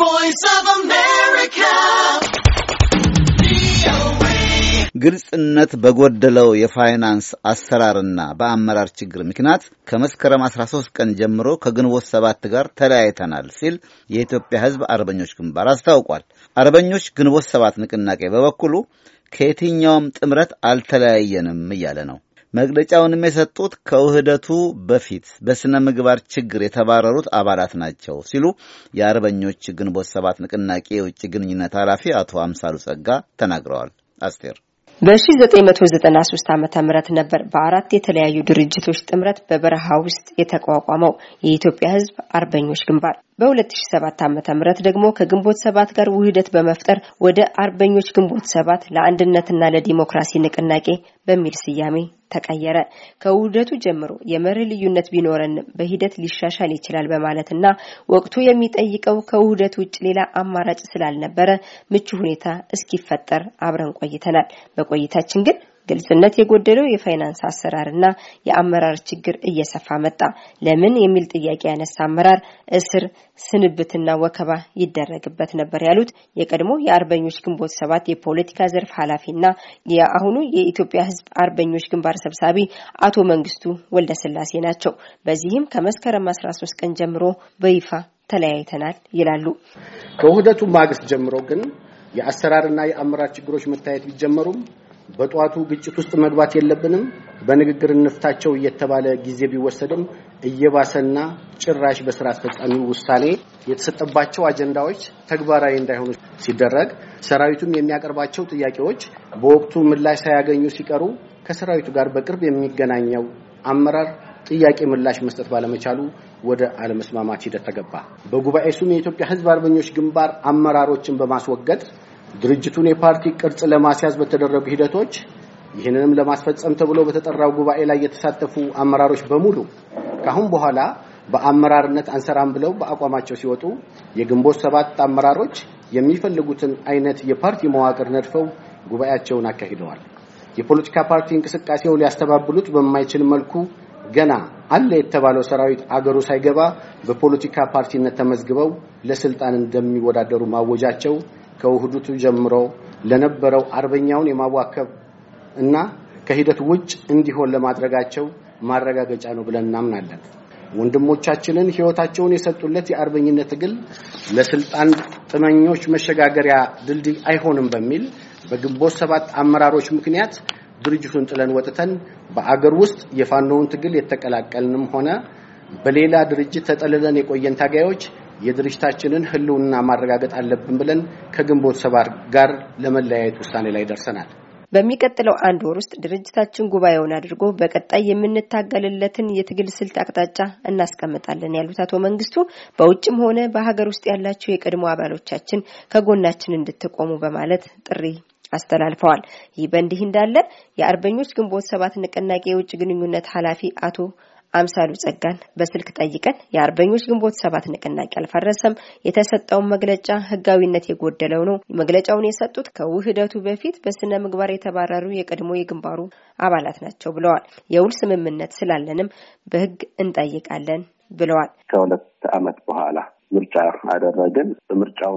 voice of America. ግልጽነት በጎደለው የፋይናንስ አሰራርና በአመራር ችግር ምክንያት ከመስከረም 13 ቀን ጀምሮ ከግንቦት ሰባት ጋር ተለያይተናል ሲል የኢትዮጵያ ሕዝብ አርበኞች ግንባር አስታውቋል። አርበኞች ግንቦት ሰባት ንቅናቄ በበኩሉ ከየትኛውም ጥምረት አልተለያየንም እያለ ነው። መግለጫውንም የሰጡት ከውህደቱ በፊት በሥነ ምግባር ችግር የተባረሩት አባላት ናቸው ሲሉ የአርበኞች ግንቦት ሰባት ንቅናቄ የውጭ ግንኙነት ኃላፊ አቶ አምሳሉ ጸጋ ተናግረዋል። አስቴር በ1993 ም ነበር በአራት የተለያዩ ድርጅቶች ጥምረት በበረሃ ውስጥ የተቋቋመው የኢትዮጵያ ሕዝብ አርበኞች ግንባር በ2007 ም ደግሞ ከግንቦት ሰባት ጋር ውህደት በመፍጠር ወደ አርበኞች ግንቦት ሰባት ለአንድነትና ለዲሞክራሲ ንቅናቄ በሚል ስያሜ ተቀየረ። ከውህደቱ ጀምሮ የመርህ ልዩነት ቢኖረንም በሂደት ሊሻሻል ይችላል በማለትና ወቅቱ የሚጠይቀው ከውህደት ውጭ ሌላ አማራጭ ስላልነበረ ምቹ ሁኔታ እስኪፈጠር አብረን ቆይተናል። በቆይታችን ግን ግልጽነት የጎደለው የፋይናንስ አሰራርና የአመራር ችግር እየሰፋ መጣ። ለምን የሚል ጥያቄ ያነሳ አመራር እስር፣ ስንብትና ወከባ ይደረግበት ነበር ያሉት የቀድሞ የአርበኞች ግንቦት ሰባት የፖለቲካ ዘርፍ ኃላፊና የአሁኑ የኢትዮጵያ ሕዝብ አርበኞች ግንባር ሰብሳቢ አቶ መንግስቱ ወልደስላሴ ናቸው። በዚህም ከመስከረም 13 ቀን ጀምሮ በይፋ ተለያይተናል ይላሉ። ከውህደቱ ማግስት ጀምሮ ግን የአሰራርና የአመራር ችግሮች መታየት ቢጀመሩም በጧቱ ግጭት ውስጥ መግባት የለብንም፣ በንግግር እንፍታቸው እየተባለ ጊዜ ቢወሰድም እየባሰና ጭራሽ በስራ አስፈጻሚው ውሳኔ የተሰጠባቸው አጀንዳዎች ተግባራዊ እንዳይሆኑ ሲደረግ ሰራዊቱም የሚያቀርባቸው ጥያቄዎች በወቅቱ ምላሽ ሳያገኙ ሲቀሩ ከሰራዊቱ ጋር በቅርብ የሚገናኘው አመራር ጥያቄ ምላሽ መስጠት ባለመቻሉ ወደ አለመስማማት ሂደት ተገባ። በጉባኤ ሱም የኢትዮጵያ ሕዝብ አርበኞች ግንባር አመራሮችን በማስወገድ ድርጅቱን የፓርቲ ቅርጽ ለማስያዝ በተደረጉ ሂደቶች ይህንንም ለማስፈጸም ተብሎ በተጠራው ጉባኤ ላይ የተሳተፉ አመራሮች በሙሉ ካሁን በኋላ በአመራርነት አንሰራም ብለው በአቋማቸው ሲወጡ የግንቦት ሰባት አመራሮች የሚፈልጉትን አይነት የፓርቲ መዋቅር ነድፈው ጉባኤያቸውን አካሂደዋል። የፖለቲካ ፓርቲ እንቅስቃሴው ሊያስተባብሉት በማይችል መልኩ ገና አለ የተባለው ሰራዊት አገሩ ሳይገባ በፖለቲካ ፓርቲነት ተመዝግበው ለስልጣን እንደሚወዳደሩ ማወጃቸው ከውህዱቱ ጀምሮ ለነበረው አርበኛውን የማዋከብ እና ከሂደት ውጭ እንዲሆን ለማድረጋቸው ማረጋገጫ ነው ብለን እናምናለን። ወንድሞቻችንን ሕይወታቸውን የሰጡለት የአርበኝነት ትግል ለስልጣን ጥመኞች መሸጋገሪያ ድልድይ አይሆንም በሚል በግንቦት ሰባት አመራሮች ምክንያት ድርጅቱን ጥለን ወጥተን በአገር ውስጥ የፋኖውን ትግል የተቀላቀልንም ሆነ በሌላ ድርጅት ተጠልለን የቆየን ታጋዮች የድርጅታችንን ህልውና ማረጋገጥ አለብን ብለን ከግንቦት ሰባት ጋር ለመለያየት ውሳኔ ላይ ደርሰናል። በሚቀጥለው አንድ ወር ውስጥ ድርጅታችን ጉባኤውን አድርጎ በቀጣይ የምንታገልለትን የትግል ስልት አቅጣጫ እናስቀምጣለን ያሉት አቶ መንግስቱ በውጭም ሆነ በሀገር ውስጥ ያላቸው የቀድሞ አባሎቻችን ከጎናችን እንድትቆሙ በማለት ጥሪ አስተላልፈዋል። ይህ በእንዲህ እንዳለ የአርበኞች ግንቦት ሰባት ንቅናቄ የውጭ ግንኙነት ኃላፊ አቶ አምሳሉ ጸጋን በስልክ ጠይቀን የአርበኞች ግንቦት ሰባት ንቅናቄ አልፈረሰም፣ የተሰጠውን መግለጫ ህጋዊነት የጎደለው ነው። መግለጫውን የሰጡት ከውህደቱ በፊት በስነ ምግባር የተባረሩ የቀድሞ የግንባሩ አባላት ናቸው ብለዋል። የውል ስምምነት ስላለንም በህግ እንጠይቃለን ብለዋል። ከሁለት አመት በኋላ ምርጫ አደረግን። በምርጫው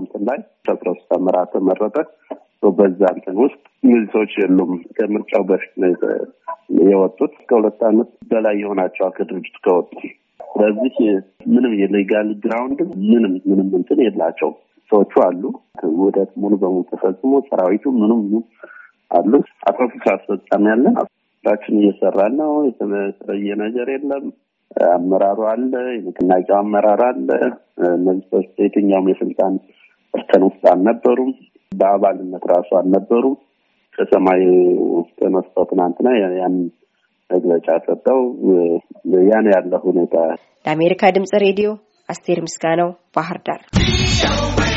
ላይ ተመረጠ። በዛ እንትን ውስጥ እነዚህ ሰዎች የሉም። ከምርጫው በፊት ነው የወጡት። ከሁለት አመት በላይ የሆናቸዋል ከድርጅቱ ከወጡ። ስለዚህ ምንም የሌጋል ግራውንድ ምንም ምንም እንትን የላቸውም። ሰዎቹ አሉ። ውህደት ሙሉ በሙሉ ተፈጽሞ ሰራዊቱ ምንም አሉ። አቶ አስፈጻሚ ያለን ስራችን እየሰራን ነው። የተለየ ነገር የለም። አመራሩ አለ፣ የንቅናቄው አመራር አለ። እነዚህ ሰዎች የትኛውም የስልጣን እርከን ውስጥ አልነበሩም። በአባልነት ራሱ አልነበሩ ከሰማይ ውስጥ ትናንትና ያን መግለጫ ሰጠው። ያን ያለ ሁኔታ ለአሜሪካ ድምፅ ሬዲዮ አስቴር ምስጋናው ባህር ዳር